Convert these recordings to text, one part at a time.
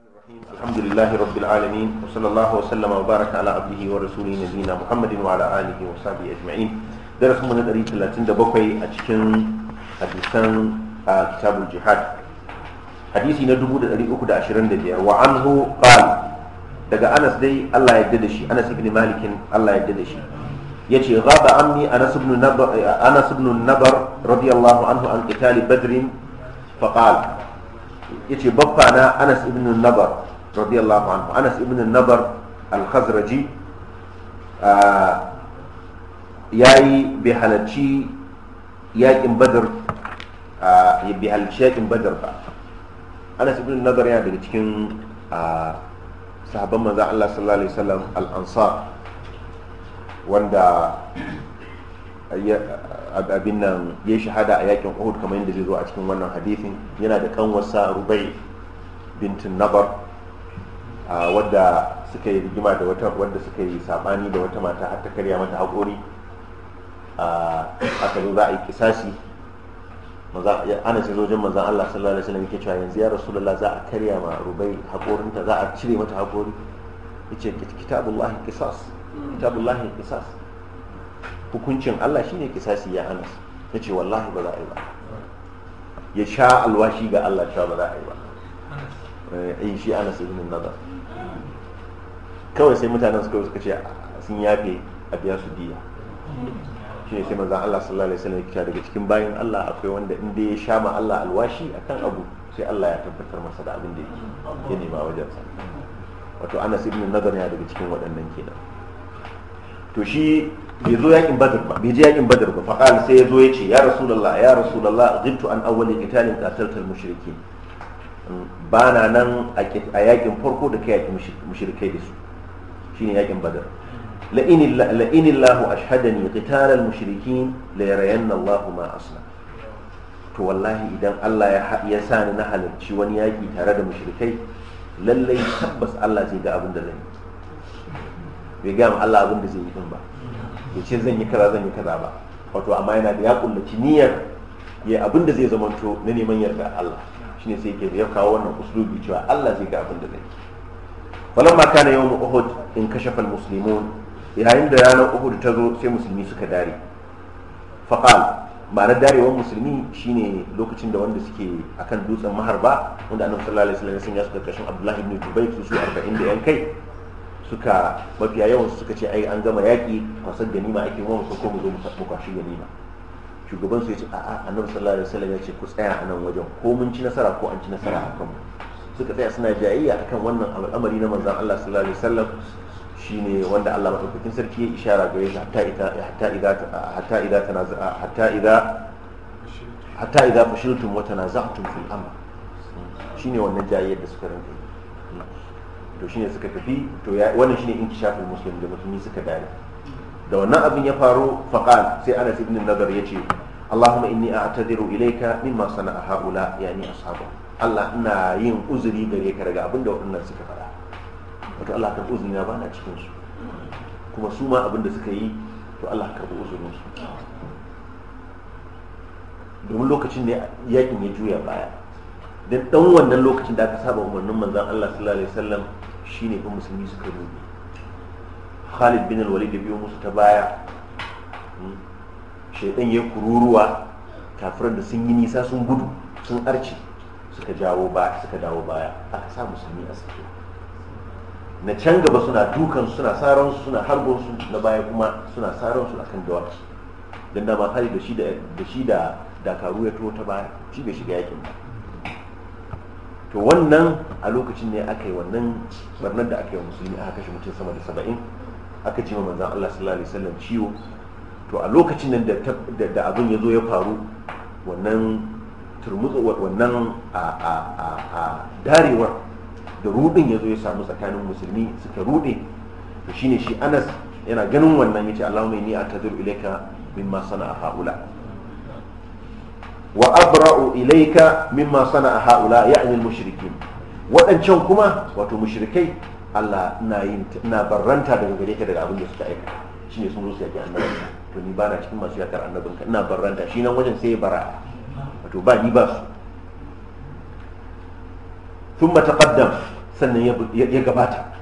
الرحمن الرحيم الحمد لله رب العالمين وصلى الله وسلم وبارك على عبده ورسوله نبينا محمد وعلى اله وصحبه اجمعين درس من دري 37 a cikin hadisan كتاب الجهاد hadisi na 325 wa anhu qal daga Anas dai Allah ya yarda shi Anas ibn Malik Allah ya yarda shi yace ghaba anni Anas ibn Nabar Anas ibn Nabar radiyallahu anhu an itali Badr فقال yace baffa na Anas ibn Nabar radiyallahu anhu Anas ibn Nabar al-Khazraji yayi bi halacci yakin Badr bi halacci yakin Badr ba Anas ibn Nabar yana daga cikin sahabban manzon Allah sallallahu alaihi wasallam al-Ansar wanda abin nan ya shahada a yakin uhud kamar yadda zai zo a cikin wannan hadithin yana da kanwarsa rubai bintin nabar wadda suka yi rigima da wata wadda suka yi sabani da wata mata har ta karya mata haƙori aka zo za a yi kisasi ana sai zojin manzan Allah sallallahu alaihi wasallam yake cewa yanzu ya rasulullah za a karya ma rubai haƙorinta za a cire mata haƙori yace kitabullahi qisas kitabullahi qisas hukuncin Allah shine kisasi ya Anas ya ce wallahi ba za a yi ba ya sha alwashi ga Allah sha ba za a yi ba eh, in shi Anas ibn nazar. kawai sai mutanen suka suka ce sun yafe a biya su diya shi ne sai maza Allah sallallahu alaihi wasallam ya daga cikin bayan Allah akwai wanda in dai ya sha ma Allah alwashi akan abu sai Allah ya tabbatar masa da abin da yake ya nema wajen sa. wato Anas ibn nazar ya daga cikin waɗannan kenan to shi bai zo yakin badr ba bai je yakin badr ba faqala sai ya zo ya ce ya rasulullah ya rasulullah ghibtu an awwali qitalin qataltal mushrikin ba na nan a yakin farko da kai yakin mushrikai da su shine yakin badar la in la in allah ashhadani qitalal mushrikin la yarayanna allah ma asna to wallahi idan Allah ya sa ni na halarci wani yaƙi tare da mushrikai lallai tabbas Allah zai ga abin da zai yi bai ga Allah abin da zai yi din ba ya ce zan yi kaza zan yi kaza ba wato amma yana da ya kullaci niyyar ya abin da zai zamanto na neman yarda Allah shine sai ke ya kawo wannan uslubi cewa Allah zai ga abin da zai na kana yawm uhud in kashafa almuslimun yayin da ranar uhud ta zo sai musulmi suka dare faqal ma'anar darewar musulmi shine lokacin da wanda suke akan dutsen maharba wanda annabi sallallahu alaihi wasallam ya sanya su karkashin abdullahi ibn jubayr su 40 da yan kai suka mafiya yawan suka ce ai an gama yaƙi kwasan ganima ake wani sun koma zo mu samu kwashi ganima shugaban su ya ce a'a annabi sallallahu alaihi wasallam ya ce ku tsaya a nan wajen ko mun ci nasara ko an ci nasara a kanmu suka tsaya suna jayayya akan wannan al'amari na manzon Allah sallallahu alaihi wasallam shine wanda Allah madaukakin sarki ya ishara gare shi hatta idza hatta idza hatta idza tanaza'a hatta idza hatta idza fashiltum wa tanaza'tum fil amr shine wannan jayayyar da suka rinka to shine suka tafi to ya, wannan shine inkishafin muslim da musulmi suka dare da wannan abin ya faru faqal sai Anas ibn Nadar yace Allahumma inni a'tadiru ilayka mimma sana'a haula yani ashabu Allah ina yin uzuri gare ka daga abin da waɗannan suka faɗa wato Allah ka uzuri na bana cikin su kuma su ma abin da suka yi to Allah ka uzurin su domin lokacin ne yakin ya juya baya dan dan wannan lokacin da aka saba umarnin manzon Allah sallallahu alaihi wasallam shine fa musulmi suka nubi khalid bin walid biyu musu ta baya hmm. shaidan ya kururuwa kafiran da sun yi nisa sun gudu sun arce suka jawo baya, suka dawo baya aka sa musulmi a sake na can gaba suna dukan suna saran suna harbo su na baya kuma suna saran su akan dawaki dan da ma da shi da da shi da dakaru ya to ta baya shi bai shiga yakin ba to wannan a lokacin ne aka yi wannan barnar da aka yi wa musulmi aka kashe mutum sama da saba'in aka ji manzan Allah sallallahu alaihi wasallam ciwo to a lokacin nan da abin ya zo ya faru wannan turmutsu wannan a darewar da rudin ya zo ya samu tsakanin musulmi suka rude to shine shi Anas yana ganin wannan yace Allahumma inni atadhiru ilayka mimma sana'a haula wa abra'u ilayka mimma sana'a haula ya'ni al-mushrikin waɗancan kuma wato mushrikai Allah na yin na barranta daga gare ka daga abin da suka aika shine sun zo su yaki annabi to ni ba na cikin masu yakar annabin ka ina barranta shi nan wajen sai ya bara wato ba ni ba su thumma taqaddam sannan ya gabata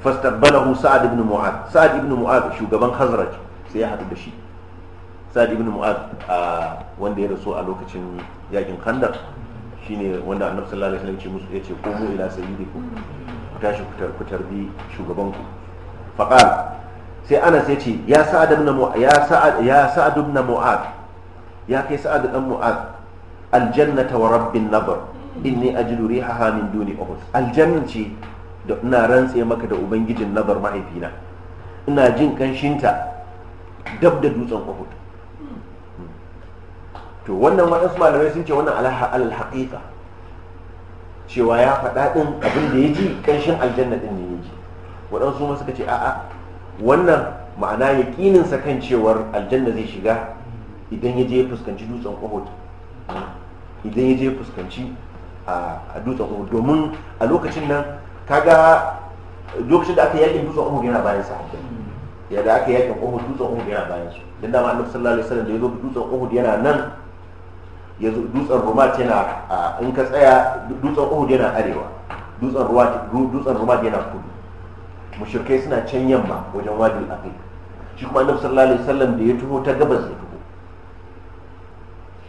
fastaqbalahu sa'ad ibn mu'ad sa'ad ibn mu'ad shugaban hazraj sai ya haɗu da shi sa'ad ibn mu'ad wanda ya rasu a lokacin yakin shi shine wanda annabi sallallahu alaihi wasallam ce musu yace ko mu ila sayyidikum ku tashi ku tarbi shugabanku Faƙar sai anas ya ce ya sa'ad ibn ya sa'ad ya mu'ad ya kai sa'ad ibn mu'ad aljannata wa rabbin nabar inni ajlu rihaha min duni uhud aljanna da ina rantse maka da ubangijin nabar mahaifina ina jin kanshinta dab da dutsen uhud to wannan waɗansu malamai sun ce wannan Alaha alal haƙiƙa cewa ya faɗa ɗin abin da ya ji ƙanshin aljanna ɗin ne ya ji waɗansu ma suka ce a'a wannan ma'ana ya ƙininsa kan cewar aljanna zai shiga idan ya je ya fuskanci dutsen ƙohot idan ya je ya fuskanci a dutsen ƙohot domin a lokacin nan kaga lokacin da aka yakin dutsen ƙohot yana bayan sahabbai ya da aka yakin ƙohot dutsen ƙohot yana bayan su dan dama annabi sallallahu alaihi wasallam da ya zo dutsen ƙohot yana nan dutsen rumat yana in ka tsaya dutsen uhud yana arewa dutsen rumat yana kudu mushrikai suna can yamma wajen wajen aqiq shi kuma annabi sallallahu alaihi wasallam da ya tuho ta gabas ya tuho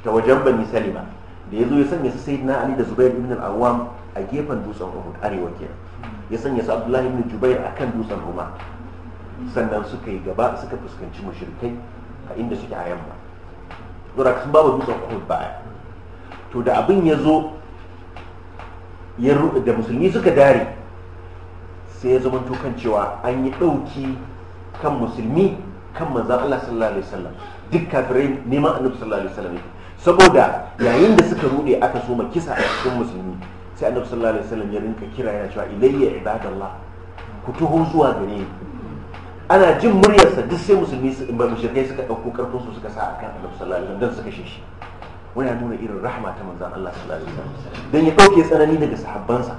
ta wajen bani salima da ya zo ya sanya su sayyidina ali da zubair ibn al-awwam a gefen dutsen uhud arewa kenan ya sanya su abdullahi ibn jubair akan dutsen rumat sannan suka yi gaba suka fuskanci mushrikai a inda suke a yamma saboda babu ba wa dutsen uhud baya to da abin ya zo da musulmi suka dare sai ya zama kan cewa an yi ɗauki kan musulmi kan manzan Allah sallallahu alaihi wasallam duk kafirai neman annabi sallallahu alaihi wasallam saboda yayin da suka rude aka soma kisa a cikin musulmi sai annabi sallallahu alaihi wasallam ya rinka kira yana cewa ilayya ibadallah ku tuho zuwa gare ni ana jin muryarsa duk sai musulmi mashirkai suka ɗauko ƙarfin su suka sa a kan annabi sallallahu alaihi wasallam don suka shi wani nuna irin rahama ta manzan Allah sallallahu alaihi wasallam don ya ɗauke tsanani daga sahabbansa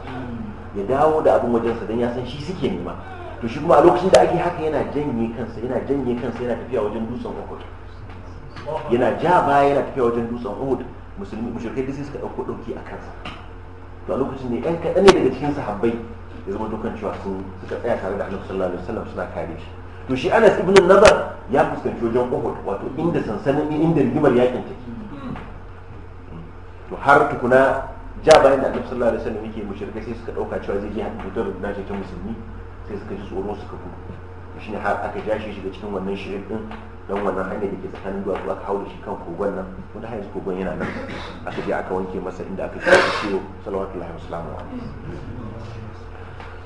ya dawo da abin wajensa don ya san shi suke nema to shi kuma a lokacin da ake haka yana janye kansa yana janye kansa yana tafiya wajen dutsen Uhud yana ja baya yana tafiya wajen dutsen Uhud musulmi mushrikai duk sai suka ɗauko ɗauki a kansa to a lokacin ne ɗan kaɗan ne daga cikin sahabbai ya zama dukkan cewa sun suka tsaya tare da annabi sallallahu alaihi wasallam suna kare shi to shi Anas ibn Nadar ya fuskanci wajen Uhud wato inda sansanin inda rigimar yakin take to har tukuna ja bayan da annabi sallallahu alaihi wasallam yake mushrikai sai suka dauka cewa zai je haɗin fitar da ta musulmi sai suka ji tsoro suka gudu shi ne har aka ja shi shiga cikin wannan shirin din don wannan hanyar da ke tsakanin duwatsu aka hau da shi kan kogon nan wanda hanyar kogon yana nan aka je aka wanke masa inda aka shi ciwo salawatullahi wasu lamu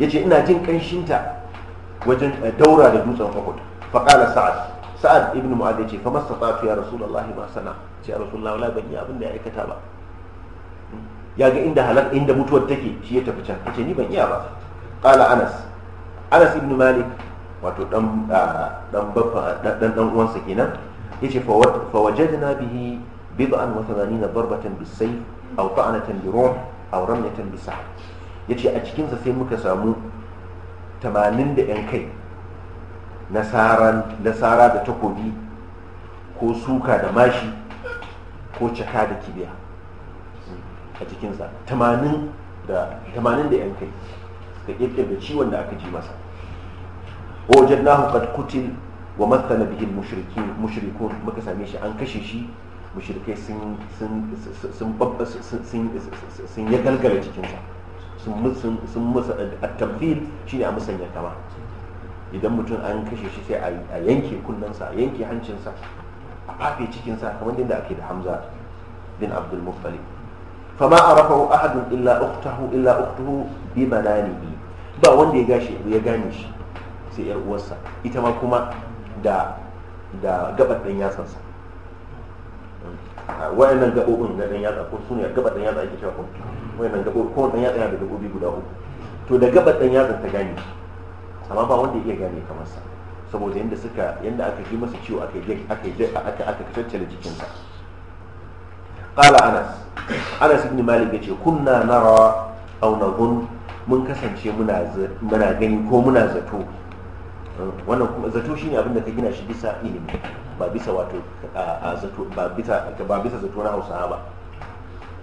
ya ce ina jin ƙanshinta wajen eh, daura da dutsen uhud faƙala sa'ad sa'ad ibn mu'ad ya ce fa mastata'tu ya rasulullah ma sana ce ya rasulullah wala ban yi abin da ya aikata ba hmm. ya ga inda halak inda mutuwar take shi ya tafi can ya ce ni ban iya ba ƙala anas anas ibn malik wato dan dan ah, baffa dan dan uwansa kenan ya ce fa wajadna bihi bid'an wa 80 darbatan bis-sayf aw ta'anatan bi ruh aw ramyatan bi sahab ya ce a cikinsa sai muka samu 80 da 'yan kai nasara da takobi ko suka da mashi ko caka da kibiya a cikinsa 80 da 'yan kai suka da ciwon da aka ji masa wajen na kad kutil wa matsala bihin mushrikun muka same shi an kashe shi mushrikai sun ya galgala cikinsa sun musa a at shi ne a musanya kama idan mutum an kashe shi sai a yanke kunnensa a yanke hancinsa a fafe cikinsa kamar yadda ake da hamza bin abdul a fama arafahu ahadun illa uktahu illa ukhtuhu bi mananihi ba wanda ya gashi ya gane shi sai yar uwarsa ita ma kuma da da gabar dan yatsansa wa'annan gabobin na dan yatsa ko sune gabar dan yatsa ake cewa ko wannan gabo ko ɗan yatsa da gaɓoɓi guda uku to da gabar ɗan yatsa ta gane amma ba wanda ya iya gane kamar sa saboda yadda suka yanda aka ji masa ciwo aka yi aka aka tattala jikinsa qala anas anas ibn malik yace kunna nara aw nadhun mun kasance muna muna gani ko muna zato wannan kuma zato shine abin da ka gina shi bisa ilimi ba bisa wato ba bisa ba bisa zato na Hausawa ba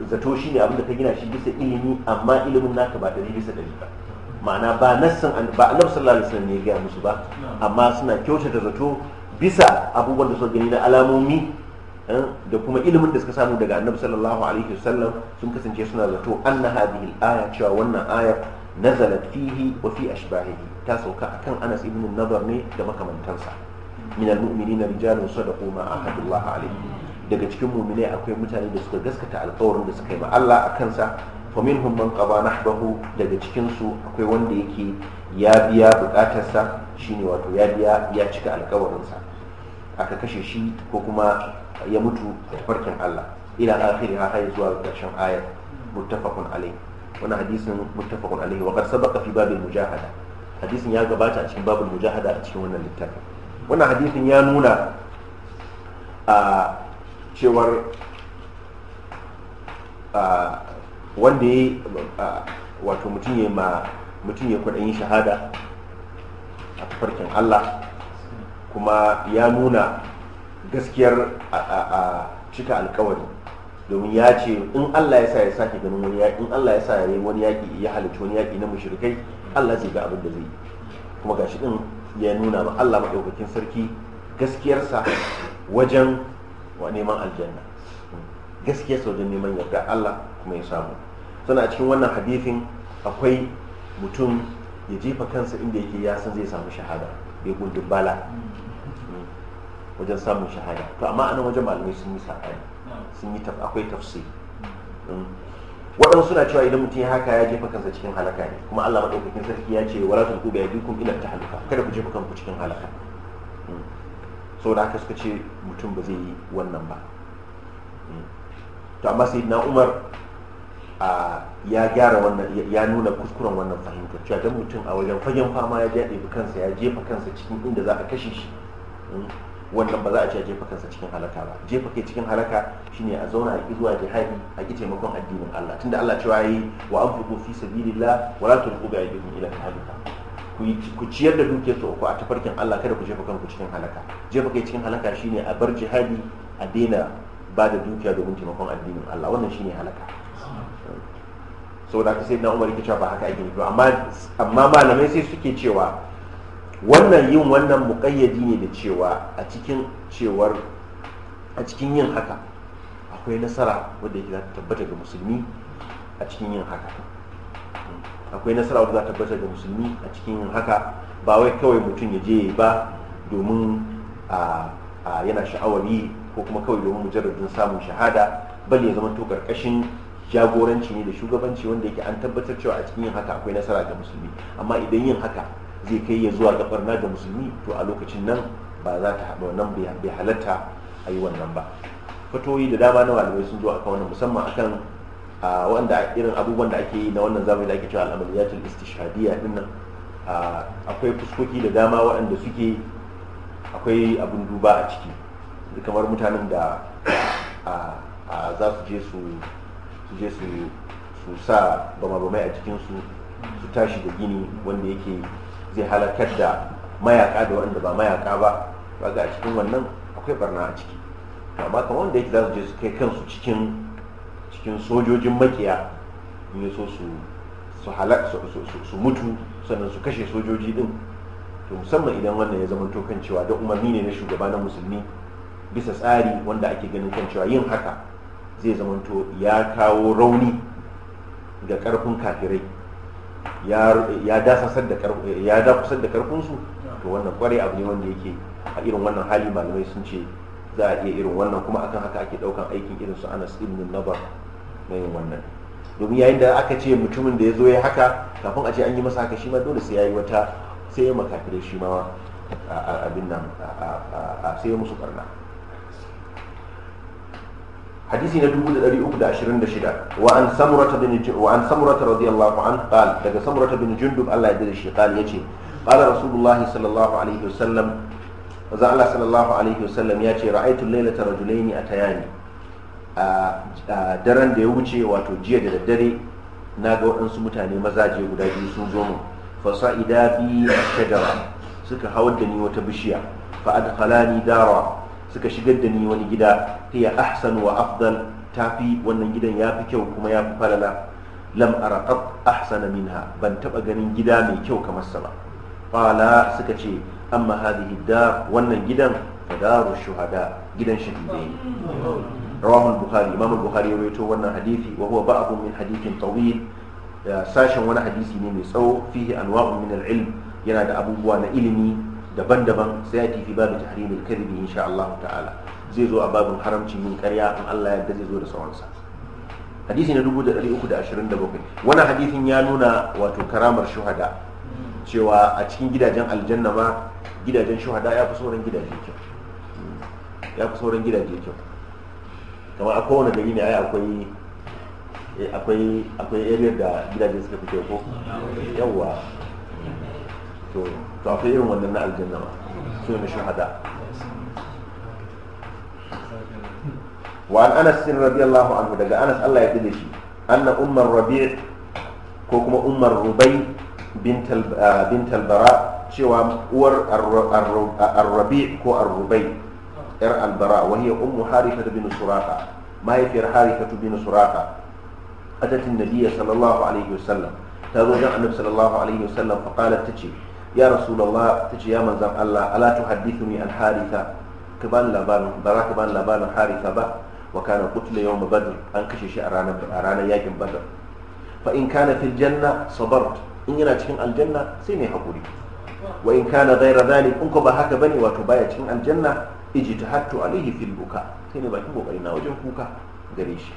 zato shi ne abinda ka gina shi bisa ilimi amma ilimin naka ba ɗari bisa ɗari ba ma'ana ba nassin ba annabi sallallahu alaihi wasallam ne ya gaya musu ba amma suna kyautata zato bisa abubuwan da suka gani na alamomi eh, da kuma ilimin da suka samu daga annabi sallallahu alaihi wasallam sun kasance suna zato anna hadhihi al-aya cewa wannan aya nazalat fihi wa fi ashbahihi ta sauka akan Anas ibn Nadar ne da makamantansa min al-mu'minina rijalun sadaqu ma ahadullah alaihi daga cikin muminai akwai mutane da suka gaskata alkawarin da suka yi ma Allah a kansa fa minhum man qada nahbahu daga cikin su akwai wanda yake ya biya bukatarsa shine wato ya biya ya cika alkawarinsa aka kashe shi ko kuma ya mutu a farkin Allah ila akhiri ha har zuwa karshen ayar muttafaqun alayhi wannan hadisin muttafaqun alayhi wa qad sabaqa fi babil mujahada hadisin ya gabata a cikin babul mujahada a cikin wannan littafin wannan hadisin ya nuna a ah, cewar wanda ya wato mutum ya ma mutum kwaɗayin shahada a farkin Allah kuma ya nuna gaskiyar a cika alkawari domin ya ce in Allah ya sa ya sake ganin wani yaƙi in Allah ya sa ya yi wani yaƙi ya halicci wani yaƙi na mushrikai Allah zai ga abin da zai yi kuma gashi din ya nuna ma Allah maɗaukakin sarki gaskiyarsa wajen wa neman aljanna gaskiya sau da neman yarda Allah kuma ya samu suna cikin wannan hadithin akwai mutum ya jefa kansa inda yake ya san zai samu shahada bai gundun bala wajen samun shahada to amma anan wajen malamai sun yi sabani sun yi akwai tafsir waɗansu suna cewa idan mutum ya haka ya jefa kansa cikin halaka ne kuma Allah madaukakin sarki ya ce wala tulqu bi ina ta halaka kada ku jefa kanku cikin halaka sau da haka ce mutum ba zai yi wannan ba to amma sai na umar ya gyara wannan ya nuna kuskuren wannan fahimta cewa don mutum a wajen fagen fama ya jaɗe kansa ya jefa kansa cikin inda za a kashe shi hmm, wannan ba za a ce jefa kansa cikin halaka ba jefa kai cikin halaka shine a zauna a zuwa jihadi a ki taimakon addinin Allah tunda Allah cewa yi wa anfiqu fi sabilillah wa la tulqu bi aydikum ila halaka ku ciyar da dukiyar uku a tafarkin Allah kada ku jefa kanku cikin halaka jefa kai cikin halaka shine a bar jihadi a daina ba da dukiya domin taimakon addinin Allah wannan shine halaka saboda haka sai na Umar yake cewa ba haka ake nufi amma amma malamai sai suke cewa wannan yin wannan muƙayyadi ne da cewa a cikin cewar a cikin yin haka akwai nasara wadda yake za ta tabbata ga musulmi a cikin yin haka akwai nasara wadda za ta tabbatar da musulmi a cikin haka ba wai kawai mutum ya je ba domin yana sha'awari ko kuma kawai domin mujarradin samun shahada bal ya zama to karkashin jagoranci ne da shugabanci wanda yake an tabbatar cewa a cikin yin haka akwai nasara ga musulmi amma idan yin haka zai kai ya zuwa ga barna ga musulmi to a lokacin nan ba za ta haɗa wannan bai halatta a yi wannan ba fatoyi da dama na malamai sun zo akan wannan musamman akan a wanda irin abubuwan da ake yi na wannan zamani da ake cewa al'amaliyatul istishhadiyya din nan akwai fuskoki da dama waɗanda suke akwai abun duba a ciki kamar mutanen da za su je su je su sa bama-bamai a cikinsu su tashi da gini wanda yake zai halakar da mayaka da waɗanda ba mayaka ba ba ga a cikin wannan akwai barna a ciki amma kamar wanda yake za su je su kai kansu cikin cikin sojojin makiya ne so su su mutu sannan su kashe sojoji din to musamman idan wannan ya zama to kan cewa da umarni ne na shugaba na musulmi bisa tsari wanda ake ganin kan cewa yin haka zai zama to ya kawo rauni ga karfin kafirai ya da ya da karfinsu to wannan kwarai abu ne wanda yake a irin wannan hali malamai sun ce za a iya irin wannan kuma akan haka ake daukan aikin irin su anas ibn nabar na yin wannan domin yayin da aka ce mutumin da ya zo ya haka kafin a ce an yi masa haka shi ma dole sai ya yi wata sai ya makafirai shi ma abin nan sai ya musu barna hadisi na 326 wa an samurata bin wa an samurata radiyallahu an qal daga samurata bin jundub Allah ya dade shi qal yace qala rasulullahi sallallahu alaihi wasallam za Allah sallallahu alaihi wasallam yace ra'aytu laylata rajulaini atayani a daren da ya wuce wato jiya da daddare na ga waɗansu mutane mazaje guda biyu sun zo mu ida bi shajara suka hawar da ni wata bishiya fa adkhalani dara suka shigar da ni wani gida hiya ahsan wa afdal tafi wannan gidan ya fi kyau kuma ya fi falala lam ara qat ahsana minha ban taba ganin gida mai kyau kamar sa ba qala suka ce amma hadhihi dar wannan gidan daru shuhada gidan shahidai رواه البخاري امام البخاري رويته وانا حديثي وهو بعض من حديث طويل sashen wani hadisi ne mai tsawo fihi anwa'un min al-ilm yana da abubuwa na ilimi daban-daban sai ya kifi babu tahrimil kadhibi insha Allah ta'ala zai zo a babin haramcin yin karya in Allah ya zai zo da sauransa hadisi na 1327 wannan hadisin ya nuna wato karamar shuhada cewa a cikin gidajen aljanna ma gidajen shuhada sauran gidaje ya fi sauran gidaje kyau kamar a kowane gari ne ai akwai akwai akwai area da gidaje suka fito ko yawa to to akwai irin wannan na aljanna ma su ne shahada wa an anas radiyallahu anhu daga anas Allah ya dade shi anna ummar rabi' ko kuma ummar rubai bintal ah, bara cewa uwar ar-rabi' ko ar-rubai yar albara wa hiya ummu harithah bin suraka mahaifiyar harithah bin suraka atat an-nabiy sallallahu alaihi wasallam ta zo dan annabi sallallahu alaihi wasallam fa qalat tace ya rasulullah tace ya manzon Allah ala tuhaddithuni an haritha ka ban labarin ka ban labarin haritha ba wa kana qutila yawm badr an kashe shi a ranar a ranar yakin badr fa in kana fil janna sabart in yana cikin aljanna sai ne hakuri wa in kana ghayra dhalik in ko ba haka bane wato baya cikin aljanna ijtihadtu alayhi fil buka sai ne bakin kokari na wajen kuka gare shi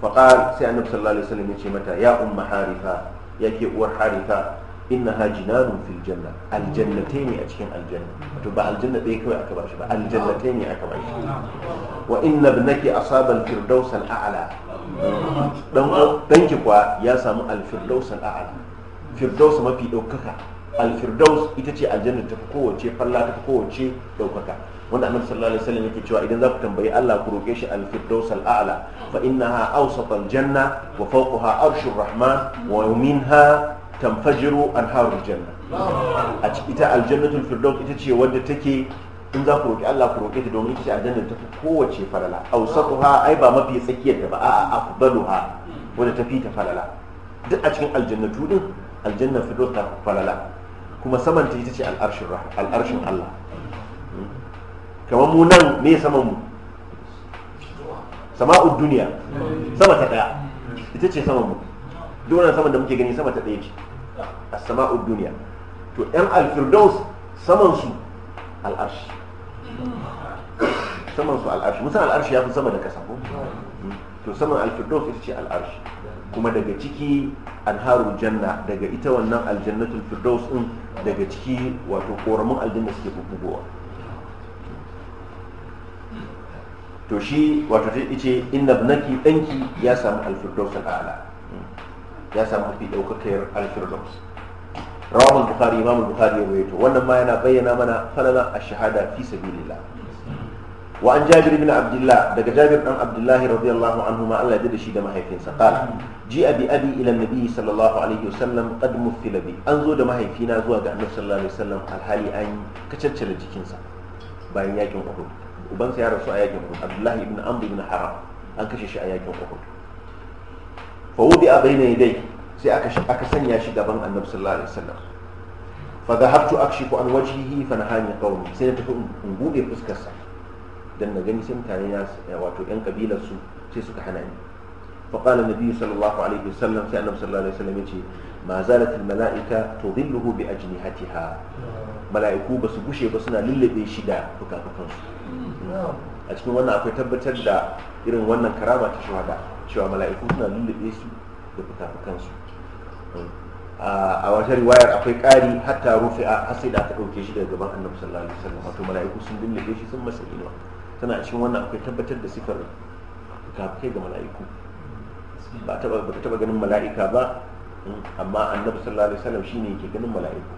fa qal sai annabi sallallahu alaihi wasallam yace mata ya umma harifa yake uwar harifa innaha jinanun fil janna aljannatayn a cikin aljanna wato ba aljanna ɗaya kawai aka bashi ba aljannatayn aka bashi wa inna ibnaki asaba al-firdaus al-a'la dan danki kwa ya samu al-firdaus al-a'la firdaus mafi daukaka al-firdaus ita ce aljanna ta fi kowace falla ta kowace daukaka wanda annabi sallallahu alaihi wasallam yake cewa idan za ku tambayi Allah ku roke shi al-firdaus al-a'la fa innaha awsat al-janna wa fawqaha arshur rahman wa minha tanfajiru anharul janna a ita aljannatul firdaus ita ce wadda take in za ku roki Allah ku roke ta domin ita ce aljanna ta fi kowace falala awsatuha ai ba mafi tsakiyar da ba a'a afdaluha wadda ta fi ta falala duk a cikin aljannatu din aljannar firdaus ta falala kuma samanta ita ce al-arshin Allah hmm? kamar mu nan me saman mu sama'ud duniya sama ta daya ita ce saman mu duk wannan saman da muke gani sama ta daya ce as-sama'ud duniya to yan al-firdaus saman su al saman su al-arshi musan al ya fi sama da kasa ko hmm. to saman al-firdaus ita ce al kuma daga ciki anharu janna daga ita wannan aljannatul firdaus din daga ciki wato koramin aljanna suke bubbugowa to shi wato ta ce inna ibnaki danki ya samu al-firdaus al-a'la ya samu fi daukakar al-firdaus rawahu al-bukhari imam al-bukhari ya to wannan ma yana bayyana mana falala ash-shahada fi sabilillah wa an jabir ibn abdullah daga jabir dan abdullah radiyallahu anhu ma Allah ya da shi da mahaifinsa qala ji abi abi ila nabi sallallahu alaihi wasallam qad mufila bi an zo da mahaifina zuwa ga annabi sallallahu alaihi wasallam alhali an kacaccala jikinsa bayan yakin uhud وبن سيارة سو أيا جمهور عبد الله بن أمر بن حرام أنك شيش أيا جمهور فوضع بين يدي سي أكسن يا شيخ بن النبي صلى الله عليه وسلم فذهبت أكشف عن وجهه فنهاني قومي سنتفق نقول يبس كسا دن نغني سن كان ناس واتو ين قبيلة سو سي سك حناني فقال النبي صلى الله عليه وسلم سي النبي صلى الله عليه وسلم ما زالت الملائكة تظله بأجنحتها mala'iku ba su gushe ba suna lullube shi da fuka-fukansu a cikin wannan akwai tabbatar da irin wannan karama ta shahada cewa mala'iku suna lullube su da fuka-fukansu a wata riwayar akwai ƙari hatta rufe a hasai da aka ɗauke shi daga gaban annabi sallallahu alaihi wasallam wato mala'iku sun lullube shi sun masa inuwa tana cikin wannan akwai tabbatar da sifar fuka-fukai ga mala'iku ba ta taba ganin mala'ika ba amma annabi sallallahu alaihi wasallam shine yake ganin mala'iku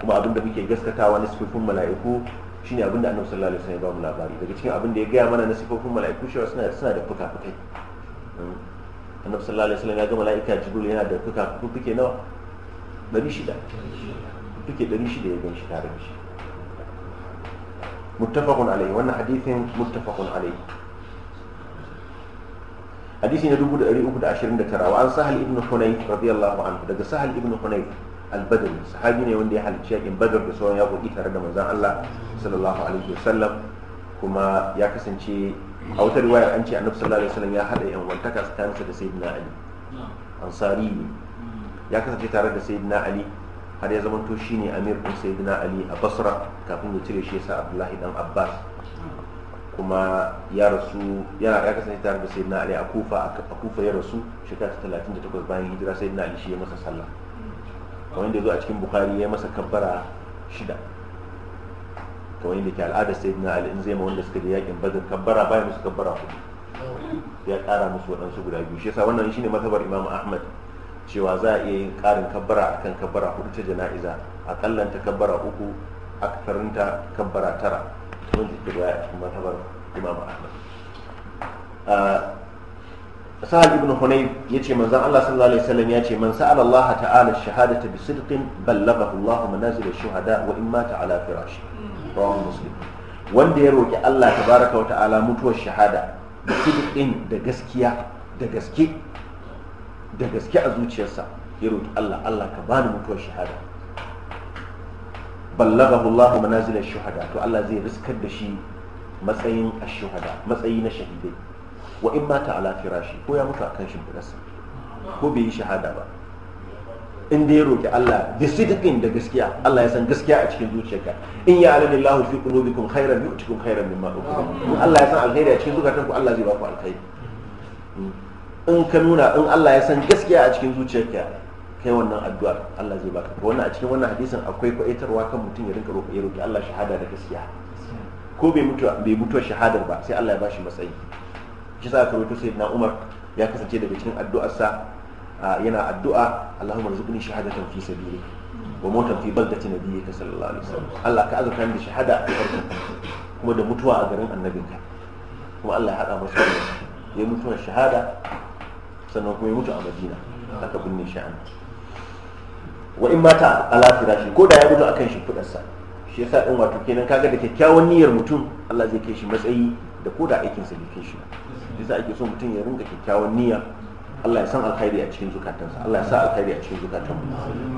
kuma abin da muke gaskatawa na sifofin mala'iku shine abin da annabi sallallahu alaihi wasallam ya ba mu labari daga cikin abin da ya gaya mana na sifofin mala'iku shi suna suna da fuka-fukai hmm. annabi sallallahu alaihi wasallam ya ga mala'ika jibril yana da fuka-fuke nawa dari shida fuke dari shida ya ganshi tare da shi muttafaqun alaihi wannan hadithin muttafaqun alaihi hadisi na 329 wa an sahal ibn hunayf radiyallahu anhu daga sahal ibn hunayf al-badri sahabi ne wanda ya halicci yakin badar da sauran yaƙoƙi tare da manzon Allah sallallahu alaihi wasallam kuma ya kasance a wata riwaya an ce annabi sallallahu alaihi wasallam ya hada yan wantaka tsakaninsa da sayyidina ali ansari ne ya kasance tare da sayyidina ali har ya zamanto shine amir din sayyidina ali a basra kafin ya cire shi yasa abdullahi dan abbas kuma ya rasu ya kasance tare da sayyidina ali a kufa a kufa ya rasu shekara 38 bayan hijira sayyidina ali shi ya masa sallah kamar yadda zo a cikin bukari ya masa kabbara shida kamar yadda ke al'ada sai na al'in zai ma wanda suka je yakin bazin kabbara baya musu kabbara hudu ya ƙara musu waɗansu guda biyu shi yasa wannan shine matabar imam ahmad cewa za a iya yin ƙarin kabbara akan kabbara hudu ta jana'iza akallan ta kabbara uku aksarinta kabbara tara wanda ke da matabar imam ahmad ah, sa'ad ibn hunayf yace manzon Allah sallallahu alaihi wasallam yace man sa'ala Allah ta'ala shahadata bi sidqin ballaghahu Allah manazil ash-shuhada wa in mata ala firashi rawahu muslim wanda ya roki Allah wa ta'ala mutuwar shahada da sidqin da gaskiya da gaske da gaske a zuciyarsa ya roki Allah Allah ka bani mutuwar shahada ballaghahu Allah manazil ash-shuhada to Allah zai riskar da shi matsayin ash-shuhada matsayi na shahidai wa in mata ala firashi ko ya mutu kan shimfiɗarsa ko bai yi shahada ba in dai roƙi Allah bi sidqin da gaskiya Allah ya san gaskiya a cikin zuciyarka in ya alani Allah fi qulubikum khairan yu'tikum khairan mimma ukhidtum Allah ya san alkhairi a cikin ku Allah zai ba ku alkhairi hmm. in ka nuna in Allah ya san gaskiya a cikin zuciyarka kai wannan addu'ar Allah zai baka wannan a cikin wannan hadisin akwai kwaitarwa kan mutum ya rinka ya roƙi Allah shahada da gaskiya ko bai mutu bai mutu shahadar ba sai Allah ya bashi matsayi shi sa to sai na Umar ya kasance daga cikin addu'arsa yana addu'a Allahumma rzuqni shahadatan fi sabili wa mautan fi baldati nabiyyika sallallahu alaihi wasallam Allah ka azurta da shahada a farko kuma da mutuwa a garin annabinka kuma Allah ya hada masa ya mutuwa shahada sannan kuma ya mutu a Madina aka binne shi an wa in mata ala shi ko da ya gudu akan shi fudarsa shi yasa din wato kenan kaga da kyakkyawan niyyar mutum Allah zai kai shi matsayi da ko da aikinsa bai shi yasa ake so mutum ya rinka kyakkyawan niyya Allah ya san alkhairi a cikin zukatansa Allah ya sa alkhairi a cikin zukatan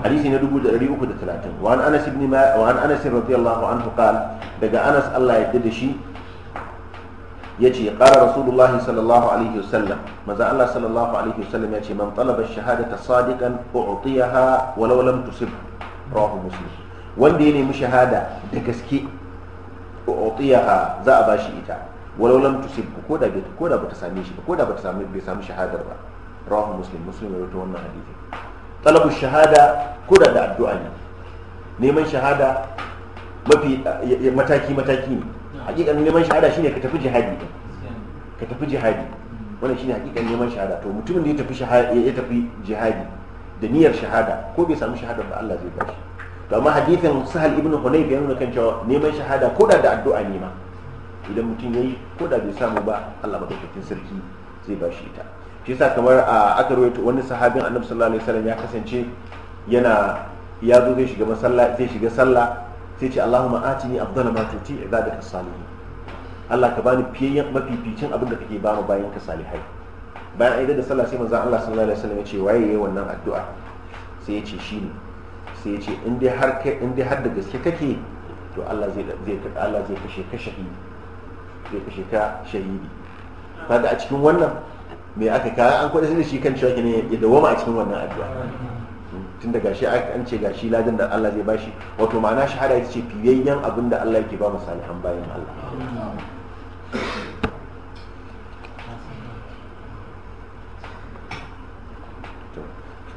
hadisi na 330 wa an Anas ibn wa an Anas radiyallahu anhu qala daga Anas Allah ya yarda da shi yace qala rasulullahi sallallahu alaihi wasallam maza Allah sallallahu alaihi wasallam yace man talaba ash-shahadata sadiqan u'tiyaha walau lam tusib rawahu muslim wanda ya nemi shahada da gaske u'tiyaha za a bashi ita walau lam tusib ko da bai ko da bata same shi ba ko da bata same bai samu shahadar ba rawahu muslim muslim ya rawaito wannan hadisi talabu shahada ko da da addu'a ne neman shahada mafi mataki mataki ne hakikan neman shahada shine ka tafi jihadi ka tafi jihadi wannan shine hakikan neman shahada to mutumin da ya tafi shahada ya tafi jihadi da niyyar shahada ko bai samu shahada ba Allah zai bashi to amma hadisin sahal ibn hunayf ya nuna kan cewa neman shahada ko da da addu'a ne ma idan mutum ya yi ko da bai samu ba Allah madaukakin sarki zai ba shi ita shi yasa kamar a aka rawaito wani sahabin annabi sallallahu alaihi wasallam ya kasance yana ya zo zai shiga masallaci zai shiga sallah sai ce Allahumma atini afdala ma tuti ibadaka salihin Allah ka bani fiyayyen mafificin abin da kake ba mu bayan ka salihai bayan aida da sallah sai manzo Allah sallallahu alaihi wasallam ya ce waye yayi wannan addu'a sai ya ce shine sai ya ce in dai har kai in dai har da gaske kake to Allah zai zai Allah zai kashe ka shahidi shika shahidi kaga a cikin wannan me aka kaya an kwada da shi kan cewa ne ya dawoma a cikin wannan addu'a tun da gashi an ce gashi ladan da Allah zai bashi wato ma'ana shahada ita ce fiyayyen abin da Allah yake ba mu salihan bayan Allah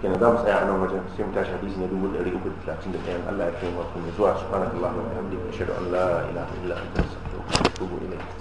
kenan za mu tsaya a nan wajen sai mu tashi hadisi na dubu ɗari uku da talatin da ɗayan Allah ya kai mu zuwa subhanallahi wa bihamdihi ashhadu an la ilaha illa anta astaghfiruka wa atubu ilayk